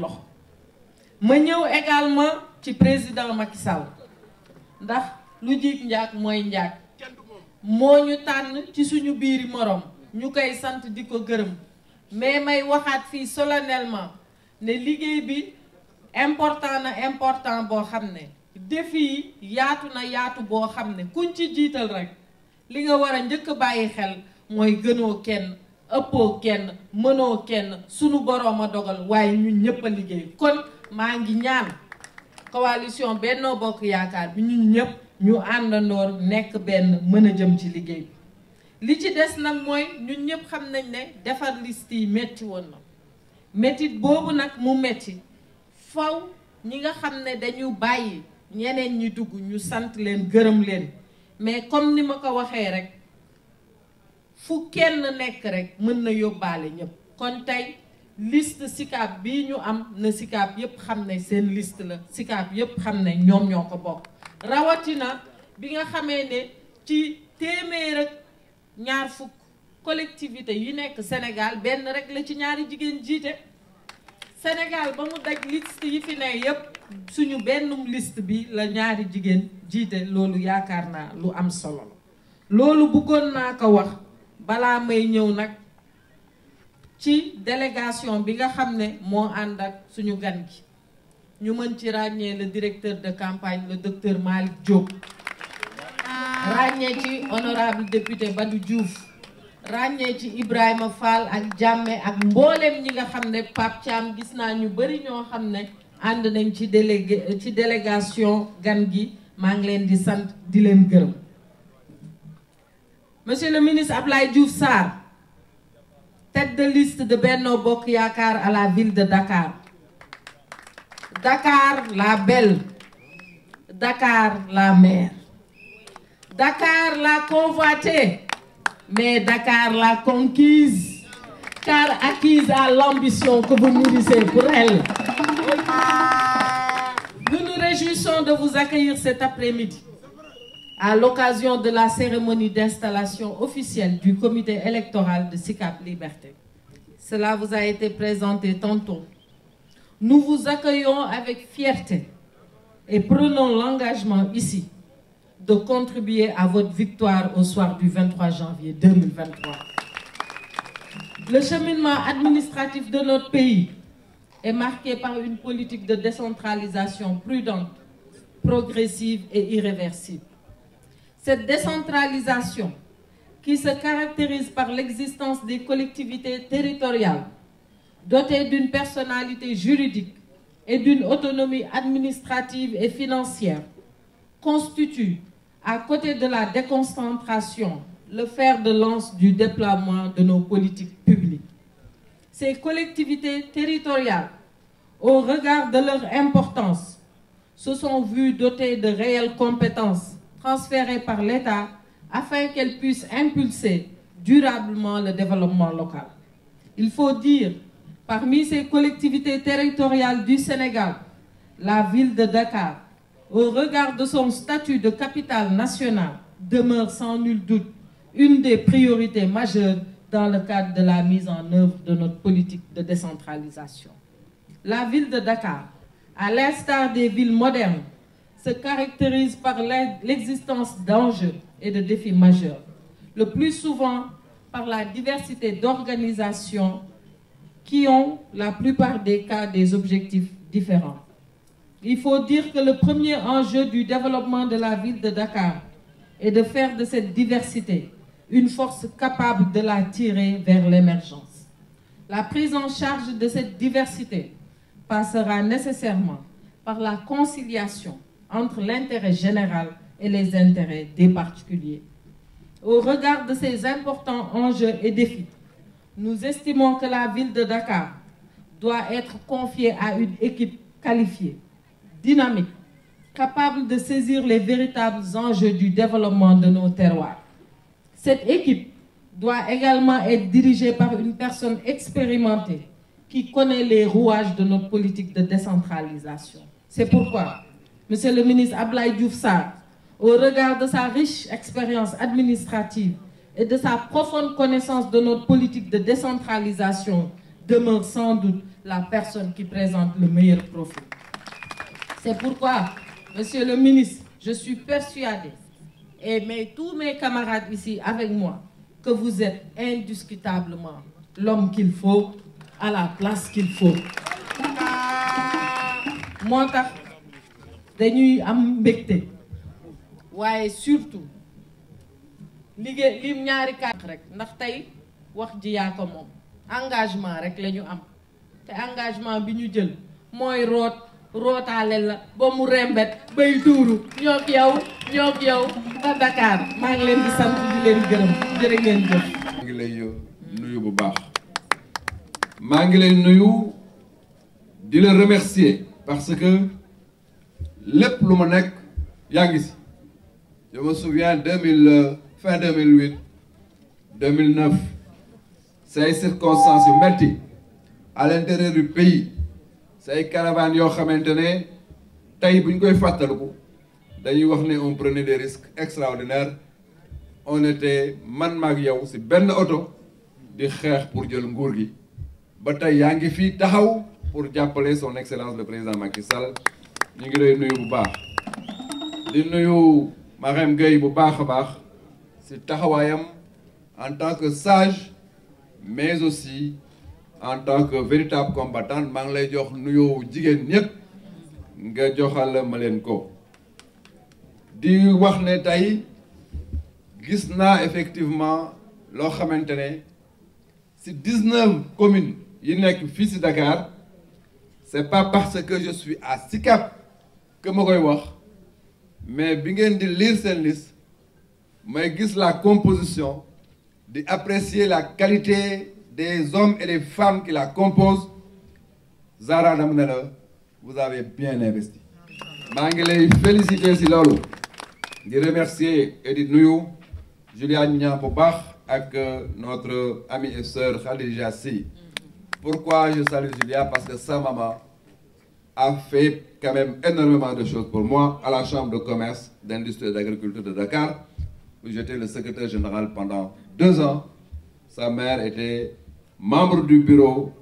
loxo ma ñëw également ci président Macky Sall ndax lu jiit njaag mooy njaag moo ñu tànn ci suñu biir moroom ñu koy sant di ko gërëm mais may waxaat fi solennellement ne liggéey bi important na important boo xam ne défi yaatu na yaatu boo xam ne kuñ ci jiital rek li nga war a njëkk bàyyi xel mooy gënoo kenn ëppoo kenn mënoo kenn sunu boroom a dogal waaye ñu ñëpp a liggéey kon maa ngi ñaan coalition Benno Bokk Yaakaar bi ñu ñëpp ñu àndandoor nekk benn mën a jëm ci liggéey bi li ci des nag mooy ñu ñëpp xam nañ ne defar liste yi métti woon na métit boobu nag mu métti fow ñi nga xam ne dañu bàyyi ñeneen ñi dugg ñu sant leen gërëm leen mais comme ni ma ko waxee rek fu kenn nekk rek mën na yóbbaale ñëpp kon tey list SICAP bii ñu am na SICAP yëpp xam ne seen liste la SICAP yëpp xam ne ñoom ñoo ko bokk rawatina bi nga xamee ne ci téeméer ak ñaar fukk collectivité yi nekk senegaal benn rek la ci ñaari jigéen jiite Sénégal ba mu daj liste yi fi ne yëpp suñu bennum list bi la ñaari jigéen jiite loolu yaakaar naa lu am solo loolu bëggoon naa ko wax balaa may ñëw nag ci délégation bi nga xam ne moo ànd ak suñu gan gi ñu mën ci ràññee la directeur de campagne le docteur Malick Diop ràññee ci honorable député Badou Diouf ràññee ci Ibrahima Fall ak Jàmme ak mbooleem ñi nga xam ne Pape Thiam gis naa ñu bari ñoo xam ne ànd nañ ci délégué ci délégation gan gi maa ngi leen di sant di leen gërëm Monsieur le ministre Ablaye Diouf Sarr, tête de liste de Benno Bok Yakar à la ville de Dakar. Dakar, la belle. Dakar, la mère. Dakar, la convoitée. Mais Dakar, la conquise. Car acquise à l'ambition que vous nourrissez pour elle. Nous réjouissons de vous accueillir cet après-midi. à l'occasion de la cérémonie d'installation officielle du comité électoral de SICAP Liberté. Cela vous a été présenté tantôt. Nous vous accueillons avec fierté et prenons l'engagement ici de contribuer à votre victoire au soir du 23 janvier 2023. Le cheminement administratif de notre pays est marqué par une politique de décentralisation prudente, progressive et irréversible. Cette décentralisation, qui se caractérise par l'existence des collectivités territoriales dotées d'une personnalité juridique et d'une autonomie administrative et financière, constitue, à côté de la déconcentration, le fer de lance du déploiement de nos politiques publiques. Ces collectivités territoriales, au regard de leur importance, se sont vues dotées de réelles compétences transférées par l'État afin qu'elles puissent impulser durablement le développement local. Il faut dire, parmi ces collectivités territoriales du Sénégal, la ville de Dakar, au regard de son statut de capitale nationale, demeure sans nul doute une des priorités majeures dans le cadre de la mise en œuvre de notre politique de décentralisation. La ville de Dakar, à l'instar des villes modernes, se caractérise par l'existence d'enjeux et de défis majeurs, le plus souvent par la diversité d'organisations qui ont la plupart des cas des objectifs différents. Il faut dire que le premier enjeu du développement de la ville de Dakar est de faire de cette diversité une force capable de la tirer vers l'émergence. La prise en charge de cette diversité passera nécessairement par la conciliation entre l'intérêt général et les intérêts des particuliers. Au regard de ces importants enjeux et défis, nous estimons que la ville de Dakar doit être confiée à une équipe qualifiée, dynamique, capable de saisir les véritables enjeux du développement de nos terroirs. Cette équipe doit également être dirigée par une personne expérimentée qui connaît les rouages de notre politique de décentralisation. C'est pourquoi Monsieur le ministre Ablaye Diouf Sarr, au regard de sa riche expérience administrative et de sa profonde connaissance de notre politique de décentralisation, demeure sans doute la personne qui présente le meilleur profil. C'est pourquoi, Monsieur le ministre, je suis persuadée, et mais tous mes camarades ici avec moi, que vous êtes indiscutablement l'homme qu'il faut à la place qu'il faut. dañuy am mbégte waaye surtout liggéey lim ñaari kàddu rek ndax tey wax ji yaa ko moom engagement rek lañu am te engagement bi ñu jël mooy root rootaale la ba mu rembet bay tuuru ñoo ak yow ñoo ak yow maa ngi leen di sant di leen gërëm jërë ngeen jëf. maa ngi lay nuyu bu baax maa ngi leen nuyu di la remercier parce que. lépp lu ma nekk yaa ngi si je me souviens deux mille euh, fin deux mille huit deux mille neuf say circonstances yu metti à l'intérieur du say caravane yoo xamante ne tey bu ñu koy fàttaliku dañuy wax ni on prenait des risques extraordinaires on était man maag yow si benn oto di xeex pour jël nguur gi ba tey yaa ngi fii taxaw pour jàppale son excellence le président Macky Sall ñu ngi lay nuyu bu baax di nuyu Marème Gueye bu baax a baax ci taxawaayam en tant que sage mais aussi en tant que véritable combattant maa ngi lay jox nuyoo jigéen ñëpp nga joxal ma leen ko di wax ne tey gis naa effectivement loo xamante ne ci dix-neuf communes yi nekk fii ci Dakar c'est pas parce que je suis à Sicap que ma koy wax mais bi ngeen di lire seen liste may gis la composition di apprécier la qualité des hommes et des femmes qui la composent Zahra dama ne la vous avez bien investi maa ngi lay féliciter si loolu di remercier et di nuyu Julia Niang bu ak euh, notre amie et sœur Khadija Sy pourquoi je salue Julia parce que sa maman a fait quand même énormément de choses pour moi à la Chambre de commerce, d'industrie et d'agriculture de Dakar, où j'étais le secrétaire général pendant deux ans. Sa mère était membre du bureau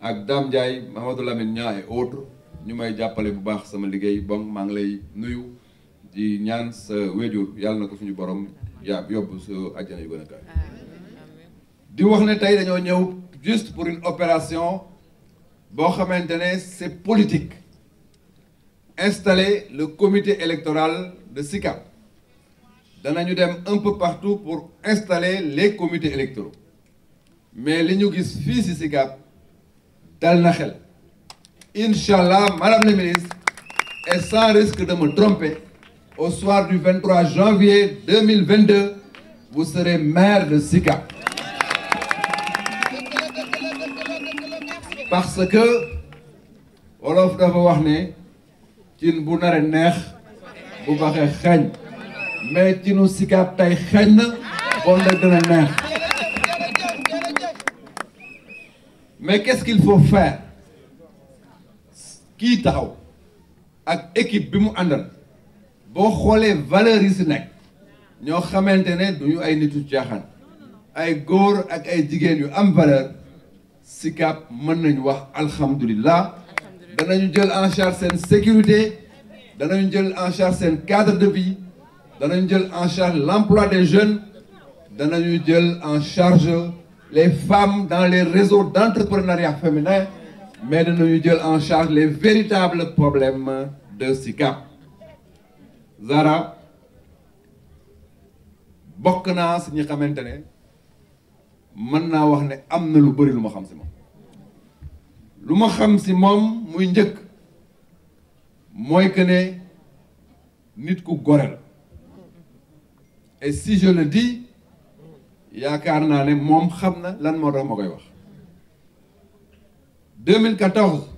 ak Dame Ndiaye, Mamadou Lamine Nia et autres. ñu may jàppale bu baax sama liggéey bon maa ngi lay nuyu di ñaan sa wéjur yàlla na ko suñu borom yaa yóbbu sa àjjana yu gën kaay di wax ne tey dañoo ñëw juste pour une opération boo xamante ne c'est politique installer le comité électoral de SICAP danañu dem un peu partout pour installer les comités électoraux mais li ñu gis fii ci SICAP dal na xel incha allah madame la ministre et sans risque de me tromper au soir du 23 janvier 2022 vous serez maire de SICAP parce que wolof dafa wax ne cin bu nare neex bu baxee xeeñ mais cinu Sicap tey xeeñ na bon da dina neex mais qu'est-ce qu'il faut kii taxaw ak équipe bi mu àndal boo xoolee valeur yi si nekk ñoo xamante ne duñu ay nitu caaxaan ay góor ak ay jigéen yu am valeur Sicap mën nañu wax alhamdulillah danañu jël en charge seen sécurité danañu jël en charge seen cadre de vie danañu jël en charge l'emploi des jeunes danañu jël en charge les femmes dans les réseaux d'entrepreneuriat féminin mais ñu jël en charge les véritables problèmes de SICAP Zara bokk naa si ñi xamante ne mën naa wax ne am na lu bëri lu ma xam si moom lu ma xam si moom muy njëkk mooy que ne nit ku gore la et si je le dis yaakaar naa ne moom xam na lan moo tax ma koy wax 2014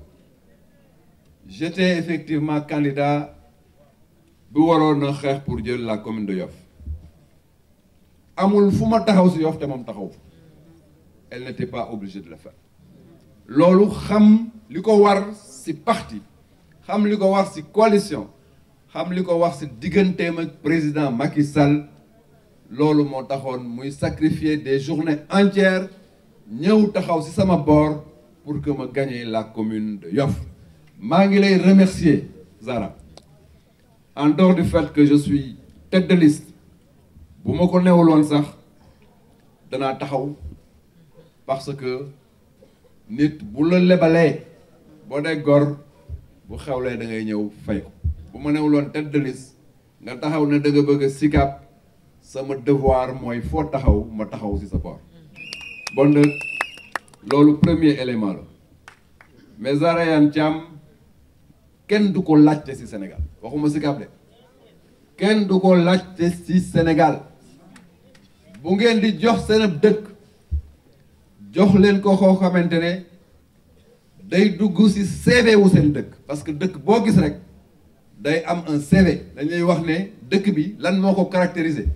j'étais effectivement candidat bu waroon na xeex pour jël la commune de Yoff amul fu ma taxaw si Yoff te moom taxaw elle n'était pas obligée de le faire loolu xam li ko war ci parti xam li ko war ci coalition xam li ko wax ci digganteem ak président Macky Sall loolu moo taxoon muy sacrifier des journées entières ñëw taxaw ci sama boor pour que ma gagne la commune de Yoff maa ngi lay remercier Zara en dehors du fait que je suis tête bu ma ko newuloon sax danaa taxaw parce que nit bu la lebalee boo dee gor bu xewlee da ngay ñëw fay ko bu ma newuloon tête nga taxaw ne da nga bëgg a sikap sama devoir mooy foo taxaw ma taxaw ci sa bor bon nag loolu premier élément la mais Zahra Iyane kenn du ko laajte ci senegal waxuma sikap de kenn du ko laajte ci Sénégal bu ngeen di jox seen dëkk jox leen ko koo xamante ne day dugg ci CV wu seen dëkk parce que dëkk boo gis rek day am un CV dañuy wax ne dëkk bi lan moo ko caractériser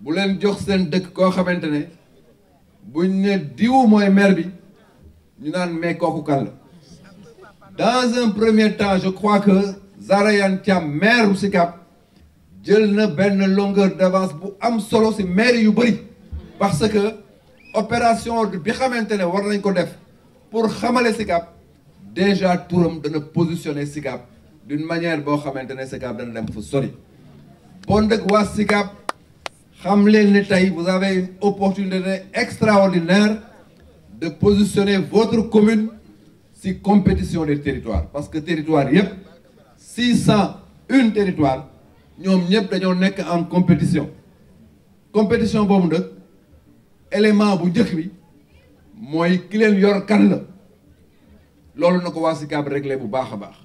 bu leen jox seen dëkk koo xamante ne buñ ne diwu mooy maire bi ñu naan mais kooku kan la dans un premier temps je crois que Zahra Iyane Thiam maire bu Sicap jël na benn longueur d'avance bu am solo ci maire yu bëri parce que opération bi xamante ne war nañ ko def pour xamale SICAP déjà turam dana positionner SICAP d'une manière boo xamante ne SICAP dana dem fu sori bon dëgg waa SICAP xam leen ne tey vous avez une opportunité extraordinaire de positionner votre commune si compétition des territoires parce que territoire yëpp six cent une territoire ñoom ñëpp dañoo nekk en compétition compétition boobu nag élément bu njëkk bi mooy ki leen yor kan la loolu na ko waa Sicap réglé bu baax a baax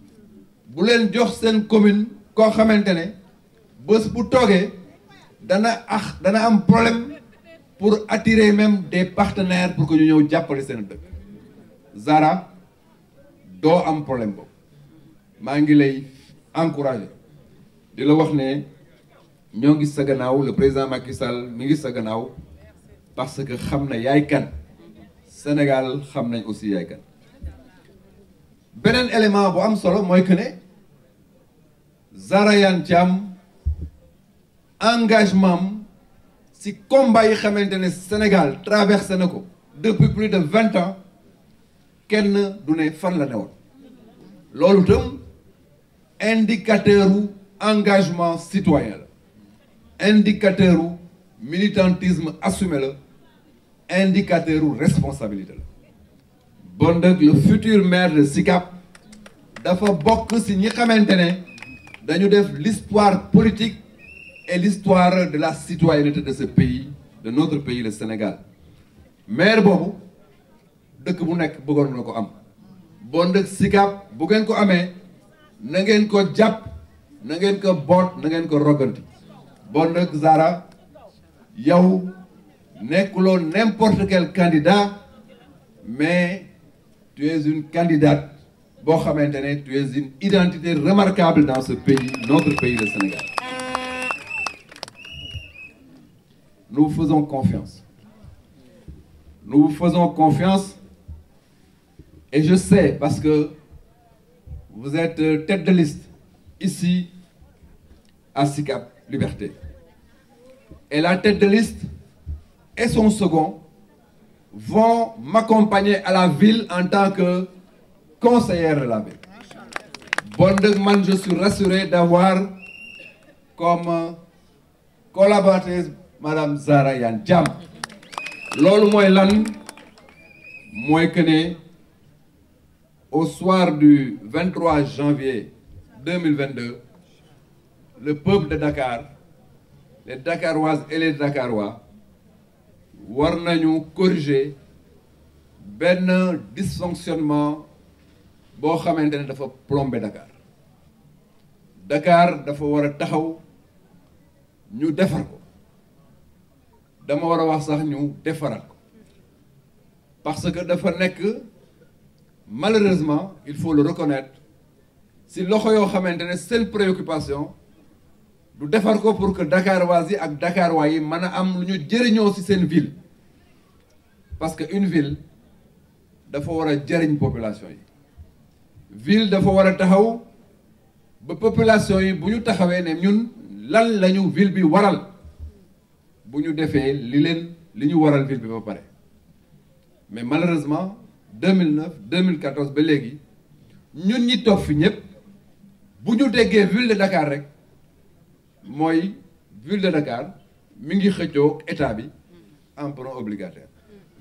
bu leen jox seen commune koo xamante ne bés bu toogee dana ax dana am problème pour attirer même des partenaires pour ko ñu ñëw jàppale seen dëkk Zara doo am problème boobu maa ngi lay encourager di la wax ne ñoo ngi sa gannaaw le président Macky Sall mi ngi sa gannaaw parce que xam na yaay kan Sénégal xam nañ aussi yaay kan beneen élément bu am solo mooy que ne Zahra Iyane engagement am si combat yi xamante ne Sénégal traversé na ko depuis plus de vingt ans kenn du ne fan la newoon loolu itam indicateur u engagement citoyen la indicateur militantisme assumé la indicateur u responsabilité la bon nag le futur maire de Sicap dafa bokk ci ñi xamante ne dañu def l'histoire politique et l'histoire de la citoyenneté de ce pays de notre pays le Sénégal maire boobu dëkk bu nekk bëggoon na ko am bon nag Sicap bu ngeen ko amee na ngeen ko jàpp na ngeen ko boot na ngeen ko roganti bon nag Zara yow nekkuloo n'importe quel candidat mais tu es une candidate boo xamante ne tu es une identité remarquable dans ce pays notre pays le Sénégal nous vous faisons confiance nous faisons confiance et je sais parce que vous êtes euh, tête de liste ici à Sicap Liberté et la tête de liste et son second vont m'accompagner à la ville en tant que conseillère là-bas. Bon, donc, man, je suis rassuré d'avoir comme collaboratrice Madame Zahra Iyane Thiam. loolu mooy le peuple de Dakar les Dakaroises et les war nañu corriger benn dysfonctionnement boo xamante ne dafa plombé Dakar Dakar dafa war a taxaw ñu defar ko dama war a wax sax ñu defaraat ko parce que dafa nekk malheureusement il faut le reconnaître si loxo yoo xamante ne seen préoccupation du defar ko pour que Dakar yi ak Dakar yi mën a am lu ñu jëriñoo ci seen ville parce que une ville dafa war a jëriñ population yi ville dafa war a taxaw ba population yi bu ñu taxawee ne ñun lal lañu ville bi waral bu ñu defee li leen li ñu waral ville bi ba pare mais malheureusement mille 2014 ba léegi ñun ñi toog fi ñëpp bu ñu déggee ville de Dakar rek mooy ville de Dakar mi ngi xëccoo état bi emprunt obligataire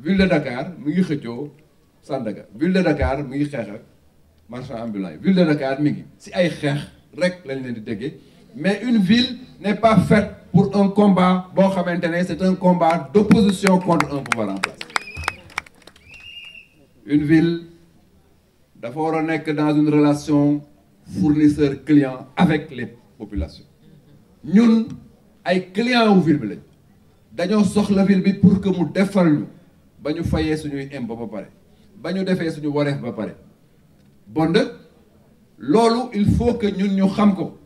ville de Dakar mi ngi xëccoo Sandaga ville de Dakar mi ngi xeex ak marchand ambulant yi ville de Dakar mi ngi si ay xeex rek lañ leen di déggee mais une ville n'est pas faite pour un combat boo xamante ne c'est un combat d'opposition contre un pouvoir en place une ville dafa war a nekk dans une relation fournisseur client avec les populations ñun ay client wu ville bi lañ dañoo soxla ville bi pour que mu defar ñu ba ñu fayee suñuy impôt ba pare ba ñu defee suñu wareef ba pare bon dëkk loolu il faut que ñun ñu xam ko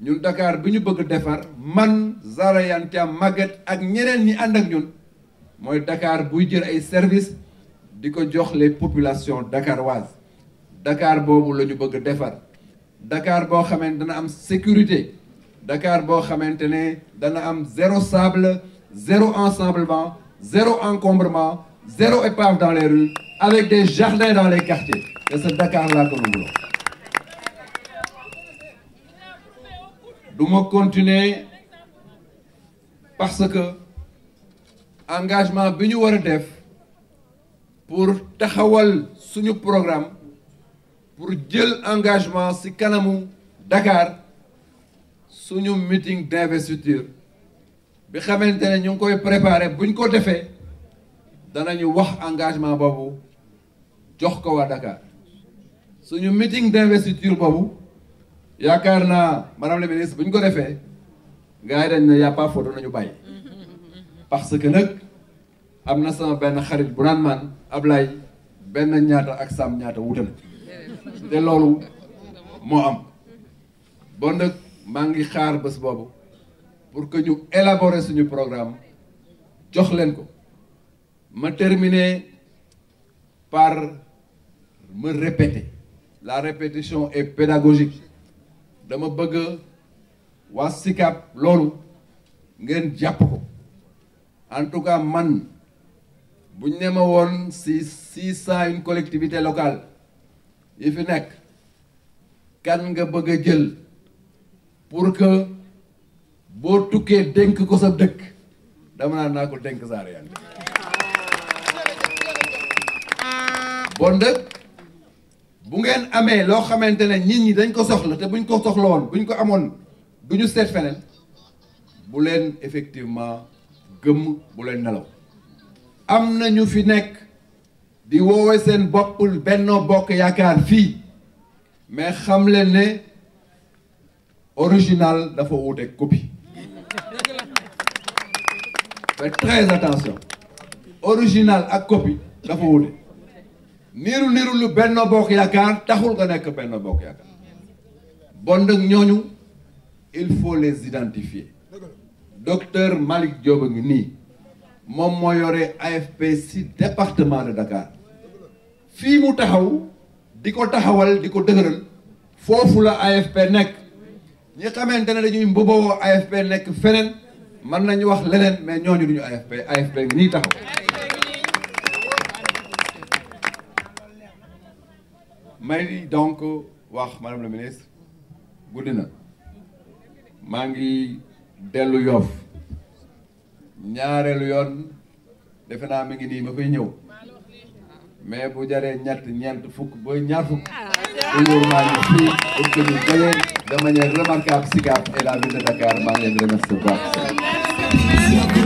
ñun dakaar bi ñu bëgg defar man Zahra Iyane Thiam ak ñeneen ñi ànd ak ñun mooy dakaar buy jël ay service di ko joxle les populations dakaroises Dakar boobu la ñu bëgg defar Dakar boo xamee dana am sécurité Dakar boo xamante ne dana am zéro sable zéro ensablement zéro encombrement zéro épave dans les rues avec des jardins dans les quartiers et ce Dakar là que nous voulons du ma continuer parce que engagement bi ñu war a def pour taxawal suñu programme pour jël engagement ci kanamu Dakar suñu meeting d'investiture bi xamante ne ñu ngi koy préparer buñ ko defee danañu wax engagement boobu jox ko waa Dakar suñu meeting d'investiture boobu yaakaar naa madame la ministre buñ ko defee gars yi dañ ne y'a pas photo nañu bàyyi parce que nag am na sama benn xarit bu naan man Ablaye benn ñaata ak sam ñaata wute na te loolu moo am bon nag maa ngi xaar bés boobu pour que ñu élaborer suñu programme jox leen ko ma terminer par me répéter la répétition est pédagogique dama bëgg waa SICAP loolu ngeen jàpp ko en tout man bu ñu ne ma woon si six cent une collectivité locale yi fi nekk kan nga bëgg a jël pour que boo tukkee dénk ko sa dëkk dama naa ko dénk saare yan bon dëkk bu ngeen amee loo xamante ne nit ñi dañ ko soxla te buñ ko soxla woon buñ ko amoon du ñu seet feneen bu leen effectivement gëmm bu leen nelaw am na ñu fi nekk di woowe seen bopp Benno Bokk Yaakaar fii mais xam leen ne original dafa wuuteeg copie original ak copie dafa wuute niiru niiru lu Benno Bokk Yaakaar taxul nga nekk benn Bokk Yaakaar bon nag ñooñu il faut les identifier docteur Malick Diop a ngi nii moom moo yore AFP si département de Dakar fii mu taxaw di ko taxawal di ko dëgëral foofu la AFP nekk ñi nga xamante ne dañuy mboboo AFP nekk feneen mën nañu wax leneen mais ñooñu duñu AFP AFP ngi nii taxaw may donc wax madame la ministre guddi na maa ngi dellu Yoff ñaareelu yoon defe naa mi ngi nii ma fay ñëw mais bu jaree ñett ñeent fukk ba ñaar fukk bu ah, ñëw maa ngi fii pour que ñu de manière remarquable SICAP et la ville de Dakar maa ngi leen di remercier bu